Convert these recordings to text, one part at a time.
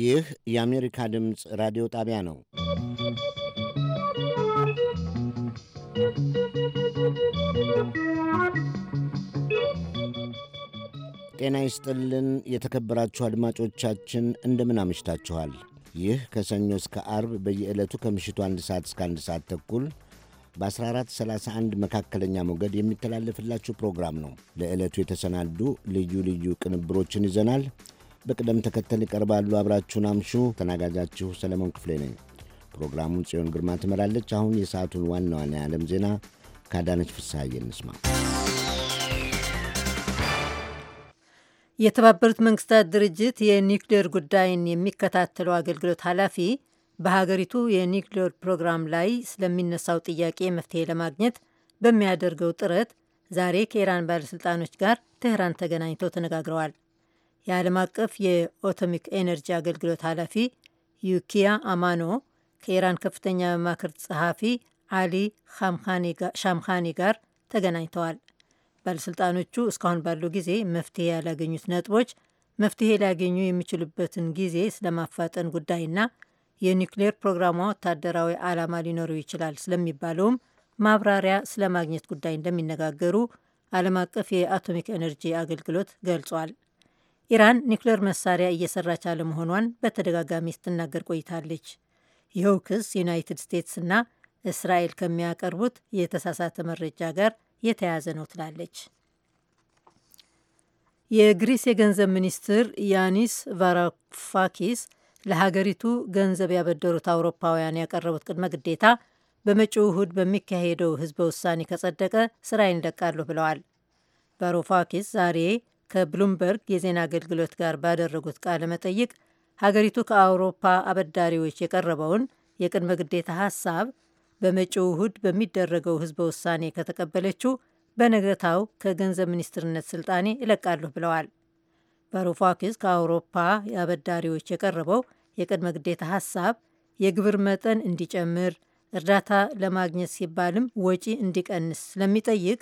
ይህ የአሜሪካ ድምፅ ራዲዮ ጣቢያ ነው። ጤና ይስጥልን የተከበራችሁ አድማጮቻችን እንደምን አምሽታችኋል? ይህ ከሰኞ እስከ አርብ በየዕለቱ ከምሽቱ አንድ ሰዓት እስከ አንድ ሰዓት ተኩል በ1431 መካከለኛ ሞገድ የሚተላለፍላችሁ ፕሮግራም ነው። ለዕለቱ የተሰናዱ ልዩ ልዩ ቅንብሮችን ይዘናል። በቅደም ተከተል ይቀርባሉ። አብራችሁን አምሹ። ተናጋጃችሁ ሰለሞን ክፍሌ ነኝ። ፕሮግራሙን ጽዮን ግርማ ትመራለች። አሁን የሰዓቱን ዋና ዋና የዓለም ዜና ከአዳነች ፍስሐዬ እንስማ። የተባበሩት መንግስታት ድርጅት የኒውክሌር ጉዳይን የሚከታተለው አገልግሎት ኃላፊ በሀገሪቱ የኒውክሌር ፕሮግራም ላይ ስለሚነሳው ጥያቄ መፍትሄ ለማግኘት በሚያደርገው ጥረት ዛሬ ከኢራን ባለሥልጣኖች ጋር ትህራን ተገናኝተው ተነጋግረዋል። የዓለም አቀፍ የኦቶሚክ ኤነርጂ አገልግሎት ኃላፊ ዩኪያ አማኖ ከኢራን ከፍተኛ መማክርት ጸሐፊ አሊ ሻምካኒ ጋር ተገናኝተዋል። ባለሥልጣኖቹ እስካሁን ባለው ጊዜ መፍትሄ ያላገኙት ነጥቦች መፍትሄ ሊያገኙ የሚችሉበትን ጊዜ ስለማፋጠን ጉዳይና የኒውክሌር ፕሮግራሟ ወታደራዊ ዓላማ ሊኖረው ይችላል ስለሚባለውም ማብራሪያ ስለማግኘት ጉዳይ እንደሚነጋገሩ ዓለም አቀፍ የአቶሚክ ኤነርጂ አገልግሎት ገልጿል። ኢራን ኒውክሌር መሳሪያ እየሰራች አለመሆኗን በተደጋጋሚ ስትናገር ቆይታለች። ይኸው ክስ ዩናይትድ ስቴትስና እስራኤል ከሚያቀርቡት የተሳሳተ መረጃ ጋር የተያያዘ ነው ትላለች። የግሪስ የገንዘብ ሚኒስትር ያኒስ ቫራፋኪስ ለሀገሪቱ ገንዘብ ያበደሩት አውሮፓውያን ያቀረቡት ቅድመ ግዴታ በመጪው እሁድ በሚካሄደው ህዝበ ውሳኔ ከጸደቀ ስራዬን እለቃለሁ ብለዋል። ቫሮፋኪስ ዛሬ ከብሉምበርግ የዜና አገልግሎት ጋር ባደረጉት ቃለ መጠይቅ ሀገሪቱ ከአውሮፓ አበዳሪዎች የቀረበውን የቅድመ ግዴታ ሀሳብ በመጪው እሁድ በሚደረገው ህዝበ ውሳኔ ከተቀበለችው በነገታው ከገንዘብ ሚኒስትርነት ስልጣኔ እለቃለሁ ብለዋል። ቫሮፋኪስ ከአውሮፓ የአበዳሪዎች የቀረበው የቅድመ ግዴታ ሀሳብ የግብር መጠን እንዲጨምር እርዳታ ለማግኘት ሲባልም ወጪ እንዲቀንስ ስለሚጠይቅ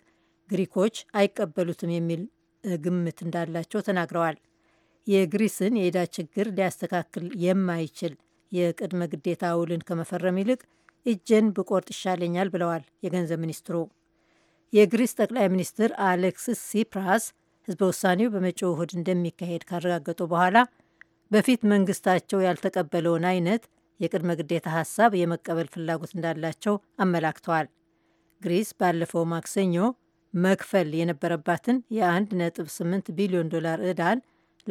ግሪኮች አይቀበሉትም የሚል ግምት እንዳላቸው ተናግረዋል። የግሪስን የዕዳ ችግር ሊያስተካክል የማይችል የቅድመ ግዴታ ውልን ከመፈረም ይልቅ እጄን ብቆርጥ ይሻለኛል ብለዋል የገንዘብ ሚኒስትሩ። የግሪስ ጠቅላይ ሚኒስትር አሌክስስ ሲፕራስ ህዝበ ውሳኔው በመጪው እሁድ እንደሚካሄድ ካረጋገጡ በኋላ በፊት መንግስታቸው ያልተቀበለውን አይነት የቅድመ ግዴታ ሀሳብ የመቀበል ፍላጎት እንዳላቸው አመላክተዋል። ግሪስ ባለፈው ማክሰኞ መክፈል የነበረባትን የ1.8 ቢሊዮን ዶላር ዕዳን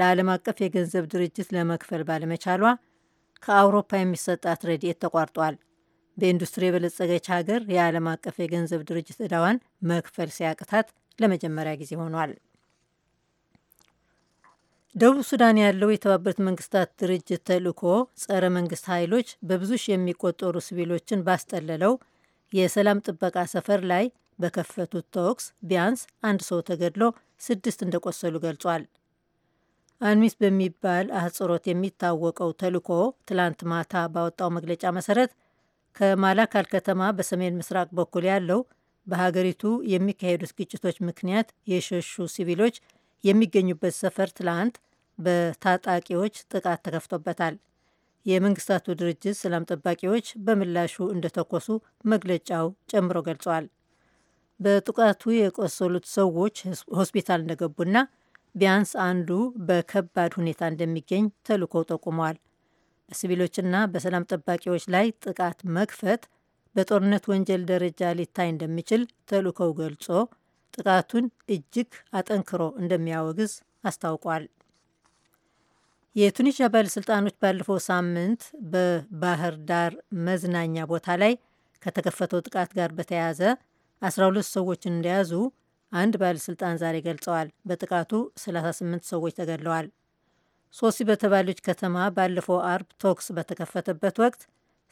ለዓለም አቀፍ የገንዘብ ድርጅት ለመክፈል ባለመቻሏ ከአውሮፓ የሚሰጣት ረድኤት ተቋርጧል። በኢንዱስትሪ የበለጸገች ሀገር የዓለም አቀፍ የገንዘብ ድርጅት ዕዳዋን መክፈል ሲያቅታት ለመጀመሪያ ጊዜ ሆኗል። ደቡብ ሱዳን ያለው የተባበሩት መንግስታት ድርጅት ተልእኮ ጸረ መንግስት ኃይሎች በብዙ ሺህ የሚቆጠሩ ሲቪሎችን ባስጠለለው የሰላም ጥበቃ ሰፈር ላይ በከፈቱት ተኩስ ቢያንስ አንድ ሰው ተገድሎ ስድስት እንደቆሰሉ ገልጿል። አንሚስ በሚባል አህጽሮት የሚታወቀው ተልእኮ ትላንት ማታ ባወጣው መግለጫ መሰረት ከማላካል ከተማ በሰሜን ምስራቅ በኩል ያለው በሀገሪቱ የሚካሄዱት ግጭቶች ምክንያት የሸሹ ሲቪሎች የሚገኙበት ሰፈር ትላንት በታጣቂዎች ጥቃት ተከፍቶበታል። የመንግስታቱ ድርጅት ሰላም ጠባቂዎች በምላሹ እንደተኮሱ መግለጫው ጨምሮ ገልጿል። በጥቃቱ የቆሰሉት ሰዎች ሆስፒታል እንደገቡና ቢያንስ አንዱ በከባድ ሁኔታ እንደሚገኝ ተልእኮው ጠቁመዋል። በሲቪሎችና በሰላም ጠባቂዎች ላይ ጥቃት መክፈት በጦርነት ወንጀል ደረጃ ሊታይ እንደሚችል ተልእኮው ገልጾ ጥቃቱን እጅግ አጠንክሮ እንደሚያወግዝ አስታውቋል። የቱኒዥያ ባለሥልጣኖች ባለፈው ሳምንት በባህር ዳር መዝናኛ ቦታ ላይ ከተከፈተው ጥቃት ጋር በተያያዘ 12 ሰዎችን እንደያዙ አንድ ባለሥልጣን ዛሬ ገልጸዋል። በጥቃቱ 38 ሰዎች ተገድለዋል። ሶሲ በተባለች ከተማ ባለፈው አርብ ቶክስ በተከፈተበት ወቅት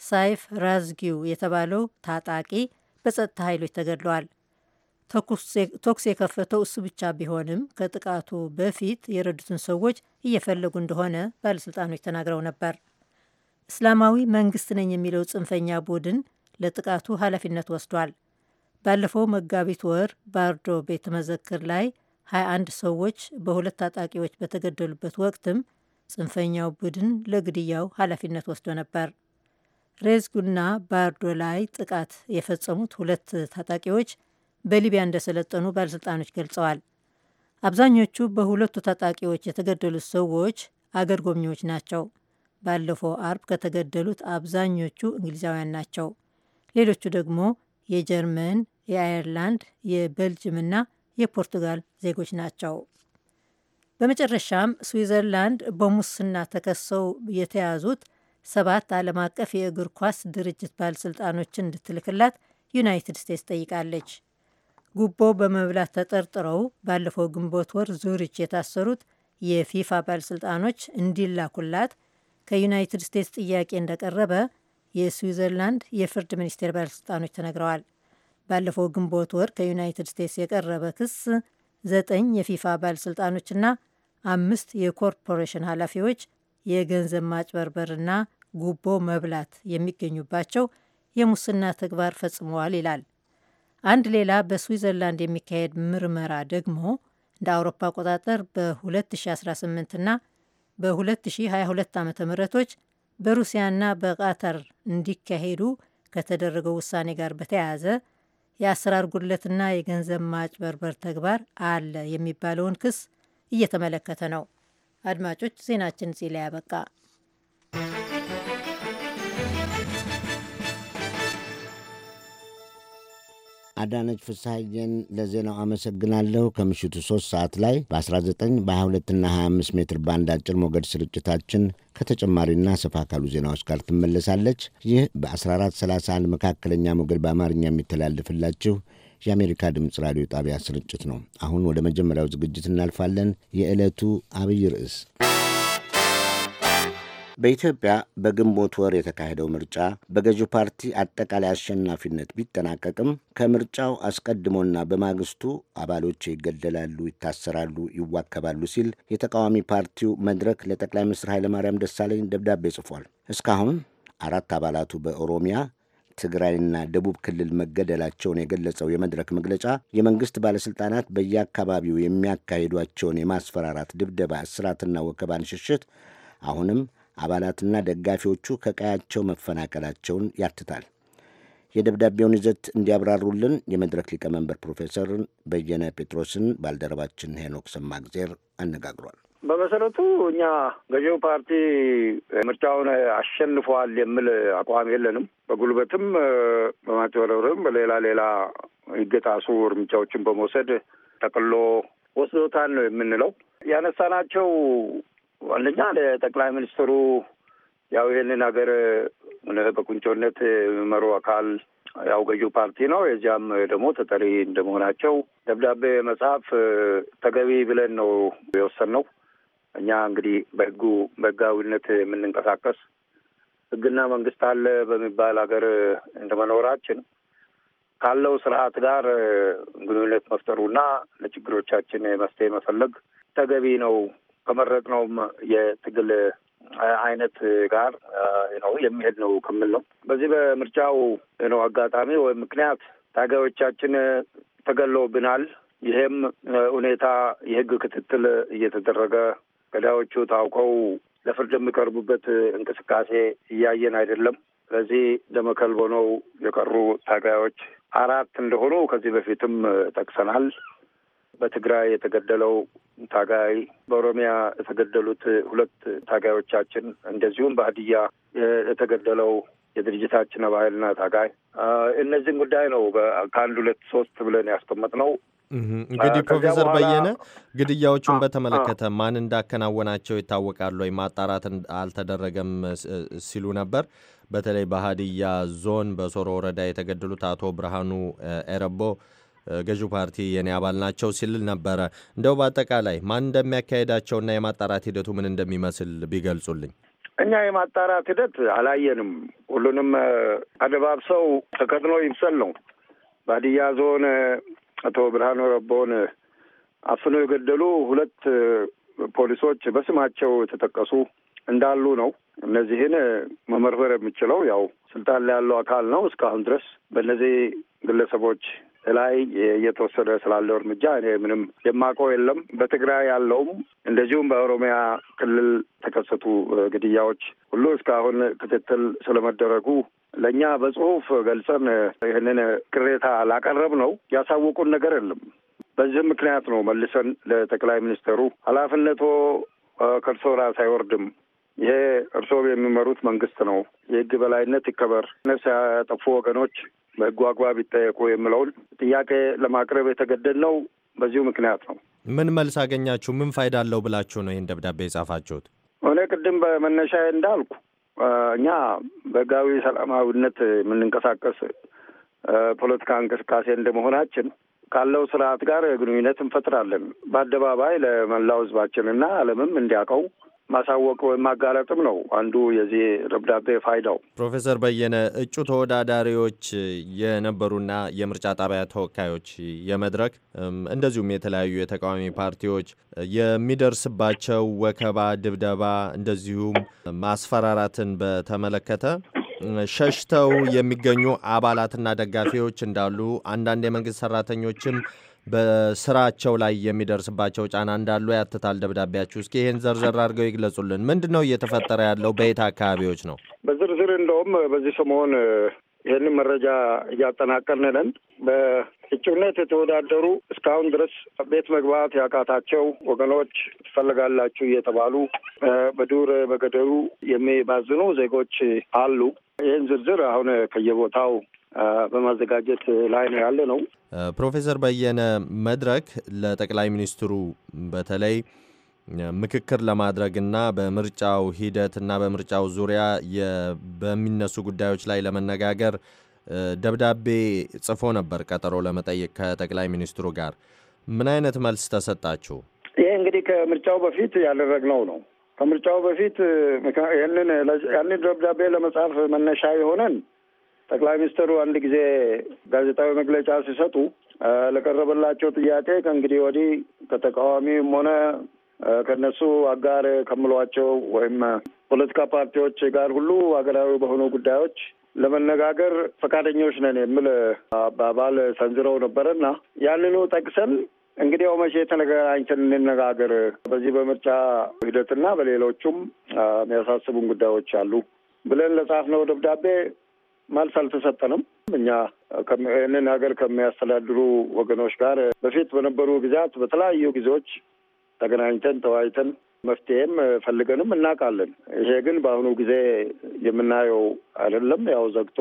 ሳይፍ ራዝጊው የተባለው ታጣቂ በጸጥታ ኃይሎች ተገድለዋል። ተኩስ የከፈተው እሱ ብቻ ቢሆንም ከጥቃቱ በፊት የረዱትን ሰዎች እየፈለጉ እንደሆነ ባለሥልጣኖች ተናግረው ነበር። እስላማዊ መንግስት ነኝ የሚለው ጽንፈኛ ቡድን ለጥቃቱ ኃላፊነት ወስዷል። ባለፈው መጋቢት ወር ባርዶ ቤተ መዘክር ላይ 21 ሰዎች በሁለት ታጣቂዎች በተገደሉበት ወቅትም ጽንፈኛው ቡድን ለግድያው ኃላፊነት ወስዶ ነበር። ሬዝጉና ባርዶ ላይ ጥቃት የፈጸሙት ሁለት ታጣቂዎች በሊቢያ እንደሰለጠኑ ባለሥልጣኖች ገልጸዋል። አብዛኞቹ በሁለቱ ታጣቂዎች የተገደሉት ሰዎች አገር ጎብኚዎች ናቸው። ባለፈው አርብ ከተገደሉት አብዛኞቹ እንግሊዛውያን ናቸው። ሌሎቹ ደግሞ የጀርመን፣ የአየርላንድ፣ የቤልጅምና የፖርቱጋል ዜጎች ናቸው። በመጨረሻም ስዊዘርላንድ በሙስና ተከሰው የተያዙት ሰባት ዓለም አቀፍ የእግር ኳስ ድርጅት ባለሥልጣኖችን እንድትልክላት ዩናይትድ ስቴትስ ጠይቃለች። ጉቦ በመብላት ተጠርጥረው ባለፈው ግንቦት ወር ዙሪች የታሰሩት የፊፋ ባለሥልጣኖች እንዲላኩላት ከዩናይትድ ስቴትስ ጥያቄ እንደቀረበ የስዊዘርላንድ የፍርድ ሚኒስቴር ባለሥልጣኖች ተነግረዋል። ባለፈው ግንቦት ወር ከዩናይትድ ስቴትስ የቀረበ ክስ ዘጠኝ የፊፋ ባለሥልጣኖችና አምስት የኮርፖሬሽን ኃላፊዎች የገንዘብ ማጭበርበርና ጉቦ መብላት የሚገኙባቸው የሙስና ተግባር ፈጽመዋል ይላል። አንድ ሌላ በስዊዘርላንድ የሚካሄድ ምርመራ ደግሞ እንደ አውሮፓ አቆጣጠር በ2018 እና በ2022 ዓ ምቶች በሩሲያና በቃታር እንዲካሄዱ ከተደረገው ውሳኔ ጋር በተያያዘ የአሰራር ጉድለትና የገንዘብ ማጭበርበር ተግባር አለ የሚባለውን ክስ እየተመለከተ ነው። አድማጮች ዜናችን ዚህ ላይ ያበቃ። አዳነች ፍስሐዬን ለዜናው አመሰግናለሁ። ከምሽቱ ሶስት ሰዓት ላይ በ19 22 25 ሜትር ባንድ አጭር ሞገድ ስርጭታችን ከተጨማሪና ሰፋ ካሉ ዜናዎች ጋር ትመለሳለች። ይህ በ1431 መካከለኛ ሞገድ በአማርኛ የሚተላልፍላችሁ የአሜሪካ ድምፅ ራዲዮ ጣቢያ ስርጭት ነው። አሁን ወደ መጀመሪያው ዝግጅት እናልፋለን። የዕለቱ አብይ ርዕስ በኢትዮጵያ በግንቦት ወር የተካሄደው ምርጫ በገዢው ፓርቲ አጠቃላይ አሸናፊነት ቢጠናቀቅም ከምርጫው አስቀድሞና በማግስቱ አባሎች ይገደላሉ፣ ይታሰራሉ፣ ይዋከባሉ ሲል የተቃዋሚ ፓርቲው መድረክ ለጠቅላይ ሚኒስትር ኃይለማርያም ደሳለኝ ደብዳቤ ጽፏል። እስካሁን አራት አባላቱ በኦሮሚያ ትግራይና ደቡብ ክልል መገደላቸውን የገለጸው የመድረክ መግለጫ የመንግስት ባለስልጣናት በየአካባቢው የሚያካሂዷቸውን የማስፈራራት ድብደባ፣ እስራትና ወከባን ሽሽት አሁንም አባላትና ደጋፊዎቹ ከቀያቸው መፈናቀላቸውን ያትታል። የደብዳቤውን ይዘት እንዲያብራሩልን የመድረክ ሊቀመንበር ፕሮፌሰር በየነ ጴጥሮስን ባልደረባችን ሄኖክ ሰማግዜር አነጋግሯል። በመሰረቱ እኛ ገዢው ፓርቲ ምርጫውን አሸንፏል የሚል አቋም የለንም። በጉልበትም በማጭበርበርም በሌላ ሌላ ይገጣሱ እርምጃዎችን በመውሰድ ጠቅሎ ወስዶታል ነው የምንለው። ያነሳናቸው ዋነኛ ለጠቅላይ ሚኒስትሩ ያው ይህንን ሀገር በቁንጮነት መሩ አካል ያው ገዢው ፓርቲ ነው። የዚያም ደግሞ ተጠሪ እንደመሆናቸው ደብዳቤ መጽሐፍ ተገቢ ብለን ነው ነው። እኛ እንግዲህ በህጉ በህጋዊነት የምንንቀሳቀስ ህግና መንግስት አለ በሚባል ሀገር እንደመኖራችን ካለው ስርዓት ጋር ግንኙነት መፍጠሩና ለችግሮቻችን መፍትሄ መፈለግ ተገቢ ነው ከመረጥነውም የትግል አይነት ጋር ነው የሚሄድ ነው ክምል ነው። በዚህ በምርጫው ነው አጋጣሚ ወይም ምክንያት ታጋዮቻችን ተገለውብናል። ይሄም ሁኔታ የህግ ክትትል እየተደረገ ገዳዮቹ ታውቀው ለፍርድ የሚቀርቡበት እንቅስቃሴ እያየን አይደለም። ስለዚህ ደመከልቦ ነው የቀሩ ታጋዮች አራት እንደሆኑ ከዚህ በፊትም ጠቅሰናል። በትግራይ የተገደለው ታጋይ፣ በኦሮሚያ የተገደሉት ሁለት ታጋዮቻችን፣ እንደዚሁም በሀዲያ የተገደለው የድርጅታችን ባህልና ታጋይ እነዚህን ጉዳይ ነው ከአንድ ሁለት ሶስት ብለን ነው። እንግዲህ ፕሮፌሰር በየነ ግድያዎቹን በተመለከተ ማን እንዳከናወናቸው ይታወቃሉ ወይ? ማጣራት አልተደረገም ሲሉ ነበር። በተለይ በሀዲያ ዞን በሶሮ ወረዳ የተገደሉት አቶ ብርሃኑ ኤረቦ ገዢው ፓርቲ የኔ አባል ናቸው ሲልል ነበረ። እንደው በአጠቃላይ ማን እንደሚያካሄዳቸውና የማጣራት ሂደቱ ምን እንደሚመስል ቢገልጹልኝ። እኛ የማጣራት ሂደት አላየንም። ሁሉንም አደባብሰው ተከትሎ ይምሰል ነው። ባድያ ዞን አቶ ብርሃኑ ረቦን አፍኖ የገደሉ ሁለት ፖሊሶች በስማቸው የተጠቀሱ እንዳሉ ነው። እነዚህን መመርመር የምችለው ያው ስልጣን ላይ ያለው አካል ነው። እስካሁን ድረስ በእነዚህ ግለሰቦች ላይ እየተወሰደ ስላለው እርምጃ እኔ ምንም የማውቀው የለም። በትግራይ ያለውም እንደዚሁም በኦሮሚያ ክልል ተከሰቱ ግድያዎች ሁሉ እስካሁን ክትትል ስለመደረጉ ለእኛ በጽሁፍ ገልጸን ይህንን ቅሬታ ላቀረብ ነው ያሳወቁን ነገር የለም። በዚህም ምክንያት ነው መልሰን ለጠቅላይ ሚኒስትሩ ኃላፊነቶ ከእርሶ ራስ አይወርድም ይሄ እርስዎ የሚመሩት መንግስት ነው፣ የህግ በላይነት ይከበር፣ ነፍስ ያጠፉ ወገኖች በህጉ አግባብ ይጠየቁ የሚለውን ጥያቄ ለማቅረብ ነው በዚሁ ምክንያት ነው። ምን መልስ አገኛችሁ? ምን ፋይዳ አለው ብላችሁ ነው ይህን ደብዳቤ የጻፋችሁት? እኔ ቅድም በመነሻ እንዳልኩ እኛ በህጋዊ ሰላማዊነት የምንንቀሳቀስ ፖለቲካ እንቅስቃሴ እንደመሆናችን ካለው ስርዓት ጋር ግንኙነት እንፈጥራለን። በአደባባይ ለመላው ህዝባችንና ዓለምም እንዲያውቀው ማሳወቅ ወይም ማጋለጥም ነው አንዱ የዚህ ደብዳቤ ፋይዳው። ፕሮፌሰር በየነ እጩ ተወዳዳሪዎች የነበሩና የምርጫ ጣቢያ ተወካዮች የመድረክ እንደዚሁም የተለያዩ የተቃዋሚ ፓርቲዎች የሚደርስባቸው ወከባ፣ ድብደባ እንደዚሁም ማስፈራራትን በተመለከተ ሸሽተው የሚገኙ አባላትና ደጋፊዎች እንዳሉ አንዳንድ የመንግስት ሰራተኞችም በስራቸው ላይ የሚደርስባቸው ጫና እንዳሉ ያትታል ደብዳቤያችሁ። እስኪ ይህን ዘርዘር አድርገው ይግለጹልን። ምንድን ነው እየተፈጠረ ያለው? በየት አካባቢዎች ነው? በዝርዝር እንደውም በዚህ ሰሞን ይህንን መረጃ እያጠናቀርን ነን። በእጩነት የተወዳደሩ እስካሁን ድረስ ቤት መግባት ያቃታቸው ወገኖች ትፈልጋላችሁ እየተባሉ በዱር በገደሉ የሚባዝኑ ዜጎች አሉ። ይህን ዝርዝር አሁን ከየቦታው በማዘጋጀት ላይ ነው ያለ ነው። ፕሮፌሰር በየነ መድረክ ለጠቅላይ ሚኒስትሩ በተለይ ምክክር ለማድረግ እና በምርጫው ሂደትና በምርጫው ዙሪያ በሚነሱ ጉዳዮች ላይ ለመነጋገር ደብዳቤ ጽፎ ነበር ቀጠሮ ለመጠየቅ ከጠቅላይ ሚኒስትሩ ጋር። ምን አይነት መልስ ተሰጣችሁ? ይህ እንግዲህ ከምርጫው በፊት ያደረግነው ነው። ከምርጫው በፊት ያንን ደብዳቤ ለመጻፍ መነሻ የሆነን ጠቅላይ ሚኒስትሩ አንድ ጊዜ ጋዜጣዊ መግለጫ ሲሰጡ ለቀረበላቸው ጥያቄ ከእንግዲህ ወዲህ ከተቃዋሚም ሆነ ከነሱ አጋር ከምሏቸው ወይም ፖለቲካ ፓርቲዎች ጋር ሁሉ ሀገራዊ በሆኑ ጉዳዮች ለመነጋገር ፈቃደኞች ነን የሚል አባባል ሰንዝረው ነበረና ያንኑ ጠቅሰን እንግዲህ ያው መቼ ተገናኝተን እንነጋገር፣ በዚህ በምርጫ ሂደትና በሌሎቹም የሚያሳስቡን ጉዳዮች አሉ ብለን ለጻፍነው ደብዳቤ መልስ አልተሰጠንም። እኛ ይህንን ሀገር ከሚያስተዳድሩ ወገኖች ጋር በፊት በነበሩ ጊዜያት በተለያዩ ጊዜዎች ተገናኝተን ተወያይተን መፍትሄም ፈልገንም እናውቃለን። ይሄ ግን በአሁኑ ጊዜ የምናየው አይደለም። ያው ዘግቶ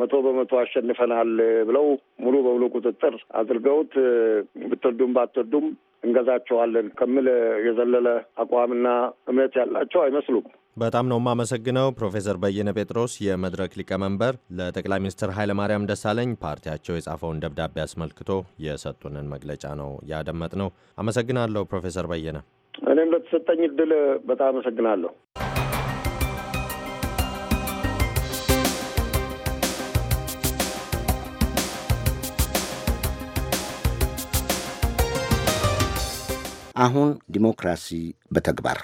መቶ በመቶ አሸንፈናል ብለው ሙሉ በሙሉ ቁጥጥር አድርገውት ብትወዱም ባትወዱም እንገዛቸዋለን ከሚል የዘለለ አቋምና እምነት ያላቸው አይመስሉም። በጣም ነው የማመሰግነው ፕሮፌሰር በየነ ጴጥሮስ የመድረክ ሊቀመንበር ለጠቅላይ ሚኒስትር ኃይለማርያም ደሳለኝ ፓርቲያቸው የጻፈውን ደብዳቤ አስመልክቶ የሰጡንን መግለጫ ነው ያደመጥ ነው። አመሰግናለሁ ፕሮፌሰር በየነ። እኔም ለተሰጠኝ እድል በጣም አመሰግናለሁ። አሁን ዲሞክራሲ በተግባር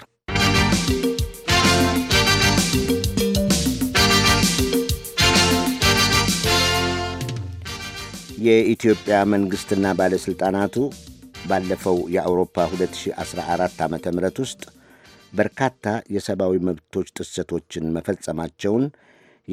የኢትዮጵያ መንግሥትና ባለሥልጣናቱ ባለፈው የአውሮፓ 2014 ዓ ም ውስጥ በርካታ የሰብአዊ መብቶች ጥሰቶችን መፈጸማቸውን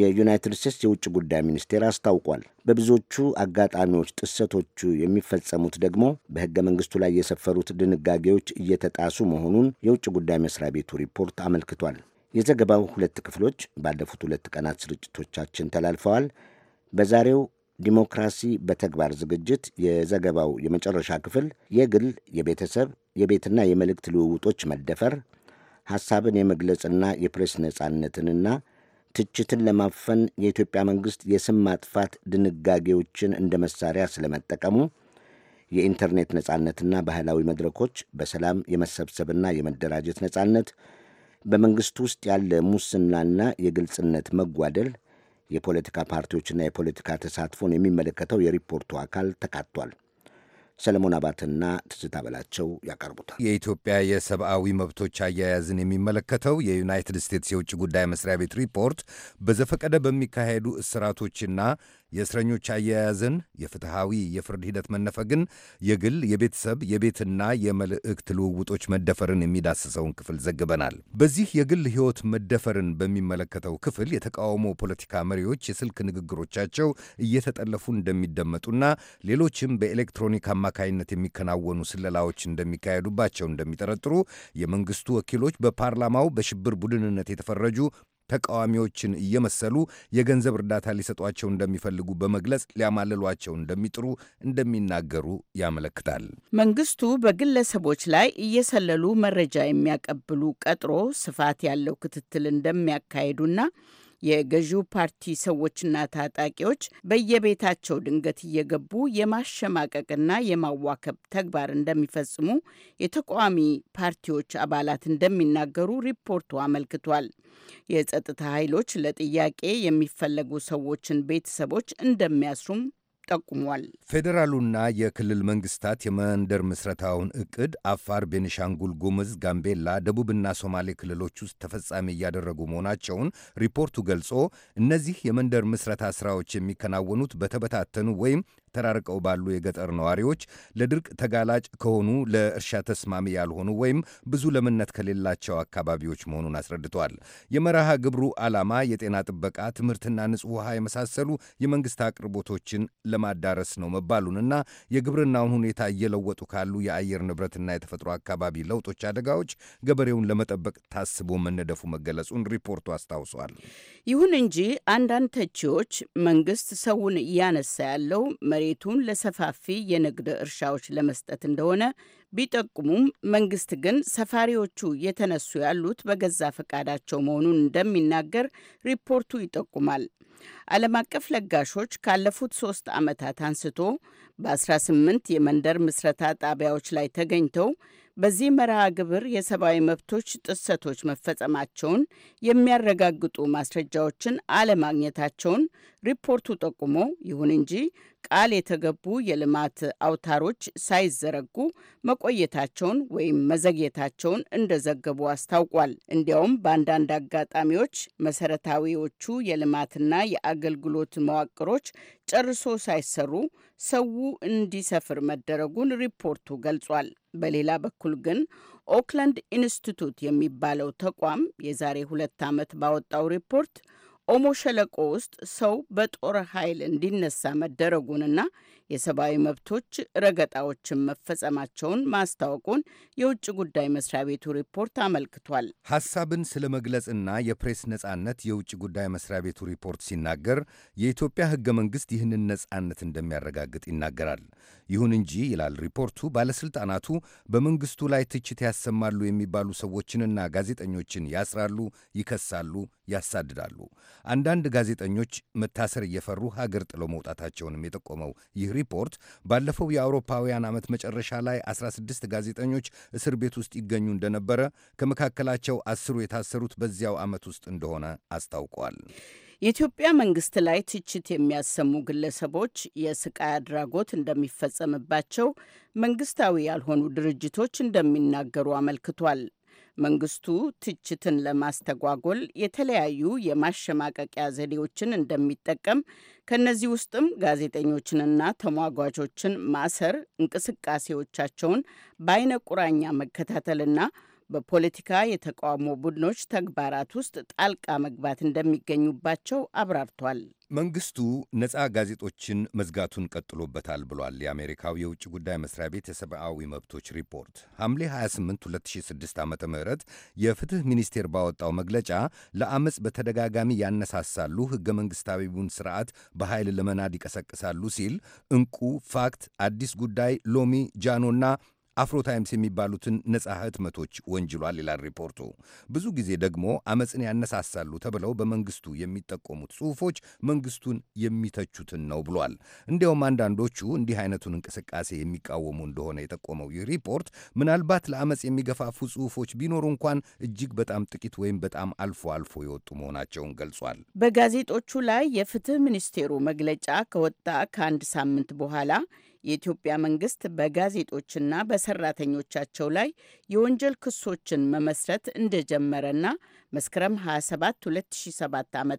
የዩናይትድ ስቴትስ የውጭ ጉዳይ ሚኒስቴር አስታውቋል። በብዙዎቹ አጋጣሚዎች ጥሰቶቹ የሚፈጸሙት ደግሞ በሕገ መንግሥቱ ላይ የሰፈሩት ድንጋጌዎች እየተጣሱ መሆኑን የውጭ ጉዳይ መሥሪያ ቤቱ ሪፖርት አመልክቷል። የዘገባው ሁለት ክፍሎች ባለፉት ሁለት ቀናት ስርጭቶቻችን ተላልፈዋል። በዛሬው ዲሞክራሲ በተግባር ዝግጅት የዘገባው የመጨረሻ ክፍል የግል የቤተሰብ የቤትና የመልእክት ልውውጦች መደፈር ሐሳብን የመግለጽና የፕሬስ ነጻነትንና ትችትን ለማፈን የኢትዮጵያ መንግሥት የስም ማጥፋት ድንጋጌዎችን እንደ መሳሪያ ስለመጠቀሙ የኢንተርኔት ነጻነትና ባህላዊ መድረኮች በሰላም የመሰብሰብና የመደራጀት ነጻነት በመንግሥት ውስጥ ያለ ሙስናና የግልጽነት መጓደል የፖለቲካ ፓርቲዎችና የፖለቲካ ተሳትፎን የሚመለከተው የሪፖርቱ አካል ተካቷል። ሰለሞን አባትና ትዝታ በላቸው ያቀርቡታል። የኢትዮጵያ የሰብአዊ መብቶች አያያዝን የሚመለከተው የዩናይትድ ስቴትስ የውጭ ጉዳይ መስሪያ ቤት ሪፖርት በዘፈቀደ በሚካሄዱ እስራቶችና የእስረኞች አያያዝን፣ የፍትሐዊ የፍርድ ሂደት መነፈግን፣ የግል የቤተሰብ የቤትና የመልእክት ልውውጦች መደፈርን የሚዳስሰውን ክፍል ዘግበናል። በዚህ የግል ሕይወት መደፈርን በሚመለከተው ክፍል የተቃውሞ ፖለቲካ መሪዎች የስልክ ንግግሮቻቸው እየተጠለፉ እንደሚደመጡና ሌሎችም በኤሌክትሮኒክ አማካይነት የሚከናወኑ ስለላዎች እንደሚካሄዱባቸው እንደሚጠረጥሩ የመንግስቱ ወኪሎች በፓርላማው በሽብር ቡድንነት የተፈረጁ ተቃዋሚዎችን እየመሰሉ የገንዘብ እርዳታ ሊሰጧቸው እንደሚፈልጉ በመግለጽ ሊያማልሏቸው እንደሚጥሩ እንደሚናገሩ ያመለክታል። መንግስቱ በግለሰቦች ላይ እየሰለሉ መረጃ የሚያቀብሉ ቀጥሮ ስፋት ያለው ክትትል እንደሚያካሂዱና የገዢው ፓርቲ ሰዎችና ታጣቂዎች በየቤታቸው ድንገት እየገቡ የማሸማቀቅና የማዋከብ ተግባር እንደሚፈጽሙ የተቃዋሚ ፓርቲዎች አባላት እንደሚናገሩ ሪፖርቱ አመልክቷል። የጸጥታ ኃይሎች ለጥያቄ የሚፈለጉ ሰዎችን ቤተሰቦች እንደሚያስሩም ጠቁሟል። ፌዴራሉና የክልል መንግስታት የመንደር ምስረታውን እቅድ አፋር፣ ቤኒሻንጉል ጉምዝ፣ ጋምቤላ፣ ደቡብና ሶማሌ ክልሎች ውስጥ ተፈጻሚ እያደረጉ መሆናቸውን ሪፖርቱ ገልጾ እነዚህ የመንደር ምስረታ ስራዎች የሚከናወኑት በተበታተኑ ወይም ተራርቀው ባሉ የገጠር ነዋሪዎች ለድርቅ ተጋላጭ ከሆኑ ለእርሻ ተስማሚ ያልሆኑ ወይም ብዙ ለምነት ከሌላቸው አካባቢዎች መሆኑን አስረድቷል። የመርሃ ግብሩ ዓላማ የጤና ጥበቃ፣ ትምህርትና ንጹሕ ውሃ የመሳሰሉ የመንግሥት አቅርቦቶችን ለማዳረስ ነው መባሉንና የግብርናውን ሁኔታ እየለወጡ ካሉ የአየር ንብረትና የተፈጥሮ አካባቢ ለውጦች አደጋዎች ገበሬውን ለመጠበቅ ታስቦ መነደፉ መገለጹን ሪፖርቱ አስታውሷል። ይሁን እንጂ አንዳንድ ተቺዎች መንግሥት ሰውን እያነሳ ያለው መሬቱን ለሰፋፊ የንግድ እርሻዎች ለመስጠት እንደሆነ ቢጠቁሙም መንግስት ግን ሰፋሪዎቹ የተነሱ ያሉት በገዛ ፈቃዳቸው መሆኑን እንደሚናገር ሪፖርቱ ይጠቁማል። ዓለም አቀፍ ለጋሾች ካለፉት ሶስት ዓመታት አንስቶ በ18 የመንደር ምስረታ ጣቢያዎች ላይ ተገኝተው በዚህ መርሃ ግብር የሰብአዊ መብቶች ጥሰቶች መፈጸማቸውን የሚያረጋግጡ ማስረጃዎችን አለማግኘታቸውን ሪፖርቱ ጠቁሞ፣ ይሁን እንጂ ቃል የተገቡ የልማት አውታሮች ሳይዘረጉ መቆየታቸውን ወይም መዘግየታቸውን እንደዘገቡ አስታውቋል። እንዲያውም በአንዳንድ አጋጣሚዎች መሰረታዊዎቹ የልማትና የአገልግሎት መዋቅሮች ጨርሶ ሳይሰሩ ሰው እንዲሰፍር መደረጉን ሪፖርቱ ገልጿል። በሌላ በኩል ግን ኦክላንድ ኢንስቲቱት የሚባለው ተቋም የዛሬ ሁለት ዓመት ባወጣው ሪፖርት ኦሞ ሸለቆ ውስጥ ሰው በጦር ኃይል እንዲነሳ መደረጉንና የሰብአዊ መብቶች ረገጣዎችን መፈጸማቸውን ማስታወቁን የውጭ ጉዳይ መስሪያ ቤቱ ሪፖርት አመልክቷል። ሐሳብን ስለ መግለጽና የፕሬስ ነጻነት የውጭ ጉዳይ መስሪያ ቤቱ ሪፖርት ሲናገር የኢትዮጵያ ሕገ መንግሥት ይህንን ነጻነት እንደሚያረጋግጥ ይናገራል። ይሁን እንጂ ይላል ሪፖርቱ፣ ባለሥልጣናቱ በመንግሥቱ ላይ ትችት ያሰማሉ የሚባሉ ሰዎችንና ጋዜጠኞችን ያስራሉ፣ ይከሳሉ፣ ያሳድዳሉ። አንዳንድ ጋዜጠኞች መታሰር እየፈሩ ሀገር ጥለው መውጣታቸውንም የጠቆመው ይህ ሪፖርት ባለፈው የአውሮፓውያን ዓመት መጨረሻ ላይ 16 ጋዜጠኞች እስር ቤት ውስጥ ይገኙ እንደነበረ፣ ከመካከላቸው አስሩ የታሰሩት በዚያው ዓመት ውስጥ እንደሆነ አስታውቋል። የኢትዮጵያ መንግስት ላይ ትችት የሚያሰሙ ግለሰቦች የስቃይ አድራጎት እንደሚፈጸምባቸው መንግስታዊ ያልሆኑ ድርጅቶች እንደሚናገሩ አመልክቷል። መንግስቱ ትችትን ለማስተጓጎል የተለያዩ የማሸማቀቂያ ዘዴዎችን እንደሚጠቀም ከነዚህ ውስጥም ጋዜጠኞችንና ተሟጓቾችን ማሰር፣ እንቅስቃሴዎቻቸውን በአይነ ቁራኛ መከታተልና በፖለቲካ የተቃውሞ ቡድኖች ተግባራት ውስጥ ጣልቃ መግባት እንደሚገኙባቸው አብራርቷል። መንግስቱ ነፃ ጋዜጦችን መዝጋቱን ቀጥሎበታል ብሏል። የአሜሪካው የውጭ ጉዳይ መስሪያ ቤት የሰብአዊ መብቶች ሪፖርት ሐምሌ 28 2006 ዓ ም የፍትህ ሚኒስቴር ባወጣው መግለጫ ለአመፅ በተደጋጋሚ ያነሳሳሉ፣ ሕገ መንግሥታዊውን ስርዓት በኃይል ለመናድ ይቀሰቅሳሉ ሲል እንቁ፣ ፋክት፣ አዲስ ጉዳይ፣ ሎሚ፣ ጃኖና አፍሮ ታይምስ የሚባሉትን ነጻ ህትመቶች ወንጅሏል ይላል ሪፖርቱ። ብዙ ጊዜ ደግሞ አመፅን ያነሳሳሉ ተብለው በመንግስቱ የሚጠቆሙት ጽሑፎች መንግስቱን የሚተቹትን ነው ብሏል። እንዲያውም አንዳንዶቹ እንዲህ አይነቱን እንቅስቃሴ የሚቃወሙ እንደሆነ የጠቆመው ይህ ሪፖርት ምናልባት ለአመፅ የሚገፋፉ ጽሑፎች ቢኖሩ እንኳን እጅግ በጣም ጥቂት ወይም በጣም አልፎ አልፎ የወጡ መሆናቸውን ገልጿል። በጋዜጦቹ ላይ የፍትህ ሚኒስቴሩ መግለጫ ከወጣ ከአንድ ሳምንት በኋላ የኢትዮጵያ መንግስት በጋዜጦችና በሰራተኞቻቸው ላይ የወንጀል ክሶችን መመስረት እንደጀመረና መስከረም 27 2007 ዓ ም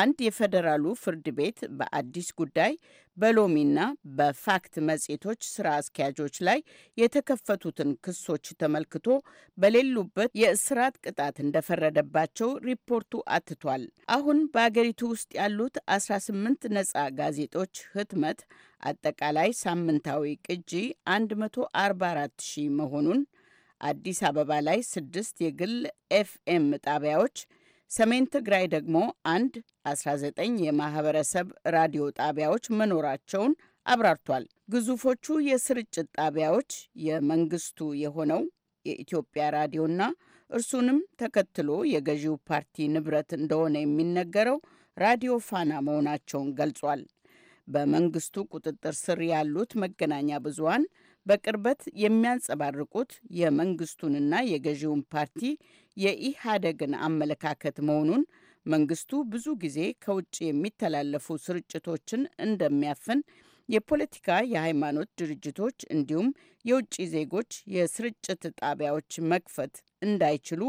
አንድ የፌዴራሉ ፍርድ ቤት በአዲስ ጉዳይ በሎሚና በፋክት መጽሔቶች ስራ አስኪያጆች ላይ የተከፈቱትን ክሶች ተመልክቶ በሌሉበት የእስራት ቅጣት እንደፈረደባቸው ሪፖርቱ አትቷል። አሁን በአገሪቱ ውስጥ ያሉት 18 ነጻ ጋዜጦች ህትመት አጠቃላይ ሳምንታዊ ቅጂ 144 ሺህ መሆኑን አዲስ አበባ ላይ ስድስት የግል ኤፍኤም ጣቢያዎች፣ ሰሜን ትግራይ ደግሞ አንድ 19 የማህበረሰብ ራዲዮ ጣቢያዎች መኖራቸውን አብራርቷል። ግዙፎቹ የስርጭት ጣቢያዎች የመንግስቱ የሆነው የኢትዮጵያ ራዲዮና እርሱንም ተከትሎ የገዢው ፓርቲ ንብረት እንደሆነ የሚነገረው ራዲዮ ፋና መሆናቸውን ገልጿል። በመንግስቱ ቁጥጥር ስር ያሉት መገናኛ ብዙሃን በቅርበት የሚያንጸባርቁት የመንግስቱንና የገዢውን ፓርቲ የኢህአደግን አመለካከት መሆኑን መንግስቱ ብዙ ጊዜ ከውጭ የሚተላለፉ ስርጭቶችን እንደሚያፍን የፖለቲካ የሃይማኖት ድርጅቶች እንዲሁም የውጭ ዜጎች የስርጭት ጣቢያዎች መክፈት እንዳይችሉ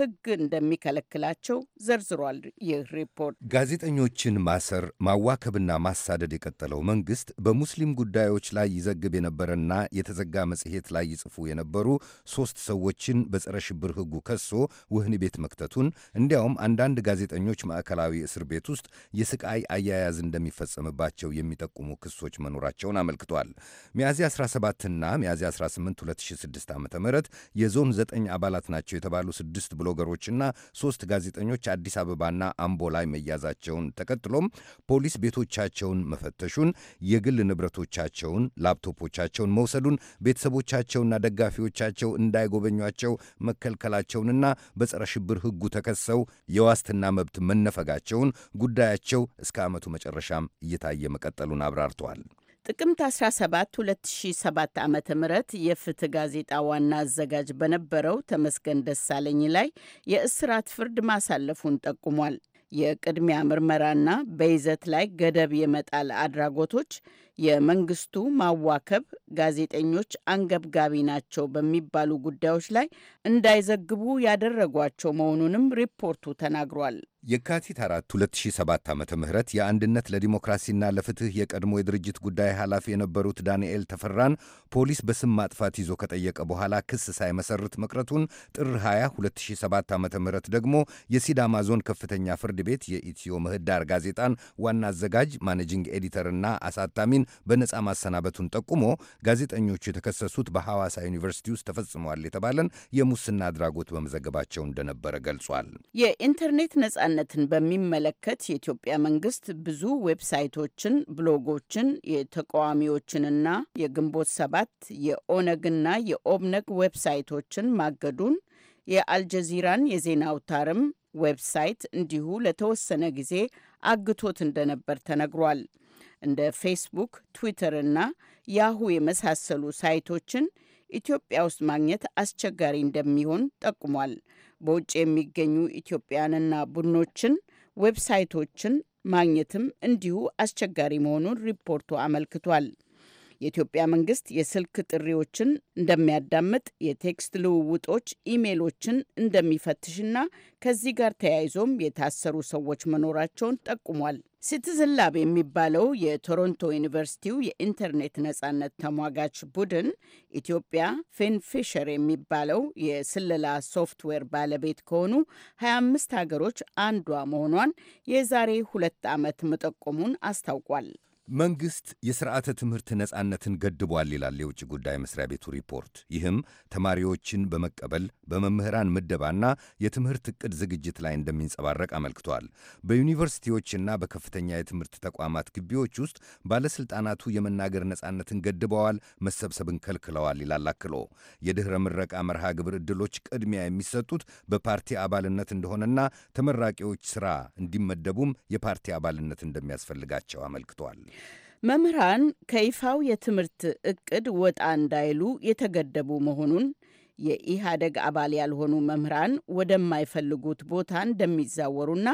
ሕግ እንደሚከለክላቸው ዘርዝሯል። ይህ ሪፖርት ጋዜጠኞችን ማሰር፣ ማዋከብና ማሳደድ የቀጠለው መንግሥት በሙስሊም ጉዳዮች ላይ ይዘግብ የነበረና የተዘጋ መጽሔት ላይ ይጽፉ የነበሩ ሦስት ሰዎችን በጸረ ሽብር ሕጉ ከሶ ወህኒ ቤት መክተቱን፣ እንዲያውም አንዳንድ ጋዜጠኞች ማዕከላዊ እስር ቤት ውስጥ የስቃይ አያያዝ እንደሚፈጸምባቸው የሚጠቁሙ ክሶች መኖራቸውን አመልክቷል። ሚያዝያ 17ና ሚያዝያ 18 2006 ዓ ም የዞን 9 አባላት ናቸው የተባሉ ስድስት ብሎ ብሎገሮችና ሶስት ጋዜጠኞች አዲስ አበባና አምቦ ላይ መያዛቸውን ተከትሎም ፖሊስ ቤቶቻቸውን መፈተሹን፣ የግል ንብረቶቻቸውን፣ ላፕቶፖቻቸውን መውሰዱን፣ ቤተሰቦቻቸውና ደጋፊዎቻቸው እንዳይጎበኟቸው መከልከላቸውንና በጸረ ሽብር ሕጉ ተከሰው የዋስትና መብት መነፈጋቸውን ጉዳያቸው እስከ ዓመቱ መጨረሻም እየታየ መቀጠሉን አብራርተዋል። ጥቅምት 17 2007 ዓ ም የፍትህ ጋዜጣ ዋና አዘጋጅ በነበረው ተመስገን ደሳለኝ ላይ የእስራት ፍርድ ማሳለፉን ጠቁሟል። የቅድሚያ ምርመራና በይዘት ላይ ገደብ የመጣል አድራጎቶች የመንግስቱ ማዋከብ ጋዜጠኞች አንገብጋቢ ናቸው በሚባሉ ጉዳዮች ላይ እንዳይዘግቡ ያደረጓቸው መሆኑንም ሪፖርቱ ተናግሯል። የካቲት 4 2007 ዓ ም የአንድነት ለዲሞክራሲና ለፍትህ የቀድሞ የድርጅት ጉዳይ ኃላፊ የነበሩት ዳንኤል ተፈራን ፖሊስ በስም ማጥፋት ይዞ ከጠየቀ በኋላ ክስ ሳይመሰርት መቅረቱን፣ ጥር 20 2007 ዓ ም ደግሞ የሲዳማ ዞን ከፍተኛ ፍርድ ቤት የኢትዮ ምህዳር ጋዜጣን ዋና አዘጋጅ ማኔጂንግ ኤዲተርና አሳታሚን በነፃ ማሰናበቱን ጠቁሞ ጋዜጠኞቹ የተከሰሱት በሐዋሳ ዩኒቨርሲቲ ውስጥ ተፈጽመዋል የተባለን የሙስና አድራጎት በመዘገባቸው እንደነበረ ገልጿል። የኢንተርኔት ነፃነትን በሚመለከት የኢትዮጵያ መንግስት ብዙ ዌብሳይቶችን፣ ብሎጎችን፣ የተቃዋሚዎችንና የግንቦት ሰባት የኦነግና የኦብነግ ዌብሳይቶችን ማገዱን የአልጀዚራን የዜና አውታርም ዌብሳይት እንዲሁ ለተወሰነ ጊዜ አግቶት እንደነበር ተነግሯል። እንደ ፌስቡክ፣ ትዊተር እና ያሁ የመሳሰሉ ሳይቶችን ኢትዮጵያ ውስጥ ማግኘት አስቸጋሪ እንደሚሆን ጠቁሟል። በውጭ የሚገኙ ኢትዮጵያንና ቡድኖችን ዌብሳይቶችን ማግኘትም እንዲሁ አስቸጋሪ መሆኑን ሪፖርቱ አመልክቷል። የኢትዮጵያ መንግስት የስልክ ጥሪዎችን እንደሚያዳምጥ፣ የቴክስት ልውውጦች፣ ኢሜሎችን እንደሚፈትሽና ከዚህ ጋር ተያይዞም የታሰሩ ሰዎች መኖራቸውን ጠቁሟል። ሲቲዝን ላብ የሚባለው የቶሮንቶ ዩኒቨርሲቲው የኢንተርኔት ነጻነት ተሟጋች ቡድን ኢትዮጵያ ፊንፊሸር የሚባለው የስለላ ሶፍትዌር ባለቤት ከሆኑ 25 ሀገሮች አንዷ መሆኗን የዛሬ ሁለት ዓመት መጠቆሙን አስታውቋል። መንግሥት የሥርዓተ ትምህርት ነጻነትን ገድቧል ይላል የውጭ ጉዳይ መስሪያ ቤቱ ሪፖርት። ይህም ተማሪዎችን በመቀበል በመምህራን ምደባና የትምህርት ዕቅድ ዝግጅት ላይ እንደሚንጸባረቅ አመልክቷል። በዩኒቨርሲቲዎችና በከፍተኛ የትምህርት ተቋማት ግቢዎች ውስጥ ባለሥልጣናቱ የመናገር ነጻነትን ገድበዋል፣ መሰብሰብን ከልክለዋል ይላል አክሎ። የድኅረ ምረቃ መርሃ ግብር ዕድሎች ቅድሚያ የሚሰጡት በፓርቲ አባልነት እንደሆነና ተመራቂዎች ሥራ እንዲመደቡም የፓርቲ አባልነት እንደሚያስፈልጋቸው አመልክቷል። መምህራን ከይፋው የትምህርት እቅድ ወጣ እንዳይሉ የተገደቡ መሆኑን የኢህአደግ አባል ያልሆኑ መምህራን ወደማይፈልጉት ቦታ እንደሚዛወሩና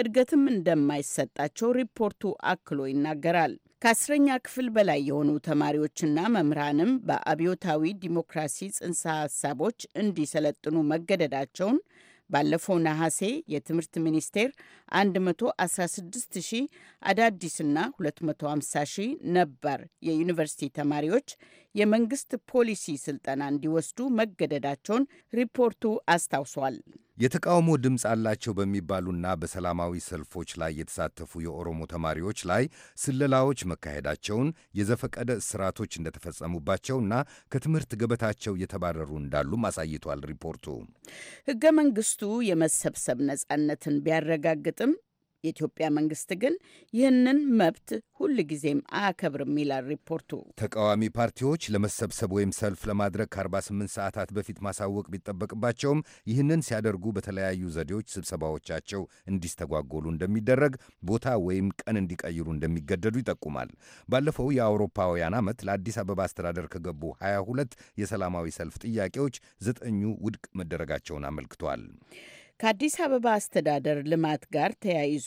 እድገትም እንደማይሰጣቸው ሪፖርቱ አክሎ ይናገራል። ከአስረኛ ክፍል በላይ የሆኑ ተማሪዎችና መምህራንም በአብዮታዊ ዲሞክራሲ ጽንሰ ሀሳቦች እንዲሰለጥኑ መገደዳቸውን ባለፈው ነሐሴ የትምህርት ሚኒስቴር 116 ሺህ አዳዲስና 250 ሺህ ነባር የዩኒቨርሲቲ ተማሪዎች የመንግስት ፖሊሲ ስልጠና እንዲወስዱ መገደዳቸውን ሪፖርቱ አስታውሷል። የተቃውሞ ድምፅ አላቸው በሚባሉና በሰላማዊ ሰልፎች ላይ የተሳተፉ የኦሮሞ ተማሪዎች ላይ ስለላዎች መካሄዳቸውን፣ የዘፈቀደ እስራቶች እንደተፈጸሙባቸውና ከትምህርት ገበታቸው የተባረሩ እንዳሉም አሳይቷል ሪፖርቱ። ሕገ መንግስቱ የመሰብሰብ ነጻነትን ቢያረጋግጥም የኢትዮጵያ መንግስት ግን ይህንን መብት ጊዜም አያከብርም ይላል ሪፖርቱ። ተቃዋሚ ፓርቲዎች ለመሰብሰብ ወይም ሰልፍ ለማድረግ ከ48 ሰዓታት በፊት ማሳወቅ ቢጠበቅባቸውም ይህንን ሲያደርጉ በተለያዩ ዘዴዎች ስብሰባዎቻቸው እንዲስተጓጎሉ እንደሚደረግ፣ ቦታ ወይም ቀን እንዲቀይሩ እንደሚገደዱ ይጠቁማል። ባለፈው የአውሮፓውያን ዓመት ለአዲስ አበባ አስተዳደር ከገቡ 22 የሰላማዊ ሰልፍ ጥያቄዎች ዘጠኙ ውድቅ መደረጋቸውን አመልክቷል። ከአዲስ አበባ አስተዳደር ልማት ጋር ተያይዞ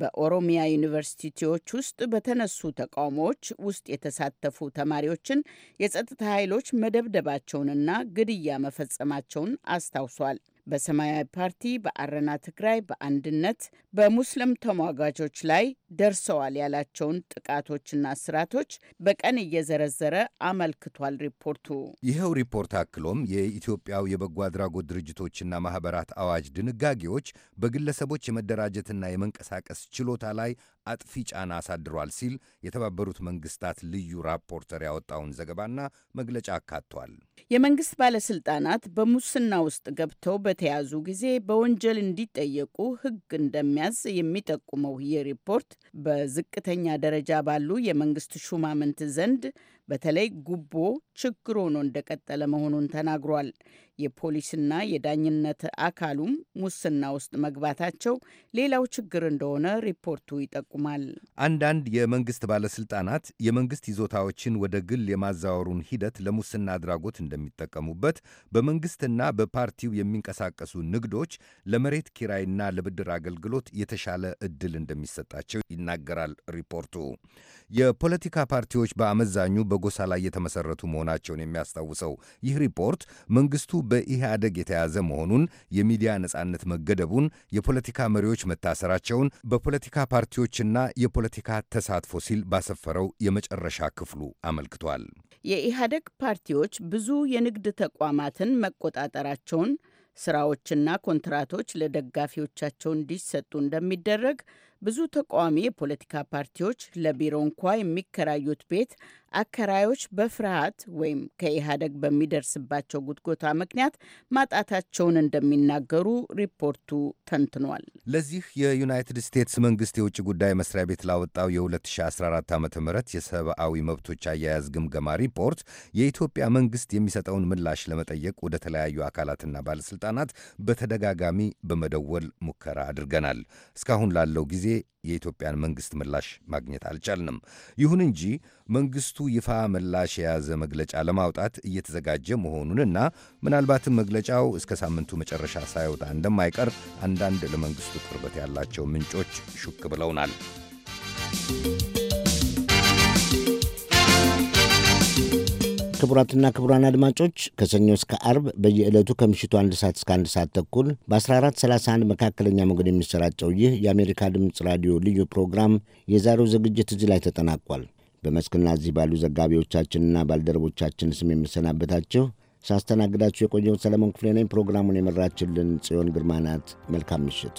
በኦሮሚያ ዩኒቨርሲቲዎች ውስጥ በተነሱ ተቃውሞዎች ውስጥ የተሳተፉ ተማሪዎችን የጸጥታ ኃይሎች መደብደባቸውንና ግድያ መፈጸማቸውን አስታውሷል። በሰማያዊ ፓርቲ፣ በአረና ትግራይ፣ በአንድነት በሙስሊም ተሟጋቾች ላይ ደርሰዋል ያላቸውን ጥቃቶችና ስራቶች በቀን እየዘረዘረ አመልክቷል ሪፖርቱ። ይኸው ሪፖርት አክሎም የኢትዮጵያው የበጎ አድራጎት ድርጅቶችና ማህበራት አዋጅ ድንጋጌዎች በግለሰቦች የመደራጀትና የመንቀሳቀስ ችሎታ ላይ አጥፊ ጫና አሳድሯል ሲል የተባበሩት መንግስታት ልዩ ራፖርተር ያወጣውን ዘገባና መግለጫ አካቷል። የመንግስት ባለስልጣናት በሙስና ውስጥ ገብተው በተያዙ ጊዜ በወንጀል እንዲጠየቁ ሕግ እንደሚያዝ የሚጠቁመው ይህ ሪፖርት በዝቅተኛ ደረጃ ባሉ የመንግስት ሹማምንት ዘንድ በተለይ ጉቦ ችግር ሆኖ እንደቀጠለ መሆኑን ተናግሯል። የፖሊስና የዳኝነት አካሉም ሙስና ውስጥ መግባታቸው ሌላው ችግር እንደሆነ ሪፖርቱ ይጠቁማል። አንዳንድ የመንግስት ባለስልጣናት የመንግስት ይዞታዎችን ወደ ግል የማዛወሩን ሂደት ለሙስና አድራጎት እንደሚጠቀሙበት፣ በመንግስትና በፓርቲው የሚንቀሳቀሱ ንግዶች ለመሬት ኪራይና ለብድር አገልግሎት የተሻለ ዕድል እንደሚሰጣቸው ይናገራል ሪፖርቱ። የፖለቲካ ፓርቲዎች በአመዛኙ በጎሳ ላይ የተመሰረቱ መሆናቸውን የሚያስታውሰው ይህ ሪፖርት መንግስቱ በኢህአደግ የተያዘ መሆኑን፣ የሚዲያ ነጻነት መገደቡን፣ የፖለቲካ መሪዎች መታሰራቸውን በፖለቲካ ፓርቲዎችና የፖለቲካ ተሳትፎ ሲል ባሰፈረው የመጨረሻ ክፍሉ አመልክቷል። የኢህአደግ ፓርቲዎች ብዙ የንግድ ተቋማትን መቆጣጠራቸውን፣ ስራዎችና ኮንትራቶች ለደጋፊዎቻቸው እንዲሰጡ እንደሚደረግ ብዙ ተቃዋሚ የፖለቲካ ፓርቲዎች ለቢሮ እንኳ የሚከራዩት ቤት አከራዮች በፍርሃት ወይም ከኢህአደግ በሚደርስባቸው ጉትጎታ ምክንያት ማጣታቸውን እንደሚናገሩ ሪፖርቱ ተንትኗል። ለዚህ የዩናይትድ ስቴትስ መንግስት የውጭ ጉዳይ መስሪያ ቤት ላወጣው የ2014 ዓ ም የሰብአዊ መብቶች አያያዝ ግምገማ ሪፖርት የኢትዮጵያ መንግስት የሚሰጠውን ምላሽ ለመጠየቅ ወደ ተለያዩ አካላትና ባለሥልጣናት በተደጋጋሚ በመደወል ሙከራ አድርገናል። እስካሁን ላለው ጊዜ የኢትዮጵያን መንግስት ምላሽ ማግኘት አልቻልንም። ይሁን እንጂ መንግስቱ መንግስቱ ይፋ ምላሽ የያዘ መግለጫ ለማውጣት እየተዘጋጀ መሆኑንና ምናልባትም መግለጫው እስከ ሳምንቱ መጨረሻ ሳይወጣ እንደማይቀር አንዳንድ ለመንግስቱ ቅርበት ያላቸው ምንጮች ሹክ ብለውናል። ክቡራትና ክቡራን አድማጮች ከሰኞ እስከ አርብ በየዕለቱ ከምሽቱ አንድ ሰዓት እስከ አንድ ሰዓት ተኩል በ1431 መካከለኛ ሞገድ የሚሰራጨው ይህ የአሜሪካ ድምፅ ራዲዮ ልዩ ፕሮግራም የዛሬው ዝግጅት እዚህ ላይ ተጠናቋል። በመስክና እዚህ ባሉ ዘጋቢዎቻችንና ባልደረቦቻችን ስም የምሰናበታችሁ ሳስተናግዳችሁ የቆየሁት ሰለሞን ክፍሌ ነኝ። ፕሮግራሙን የመራችልን ጽዮን ግርማ ናት። መልካም ምሽት።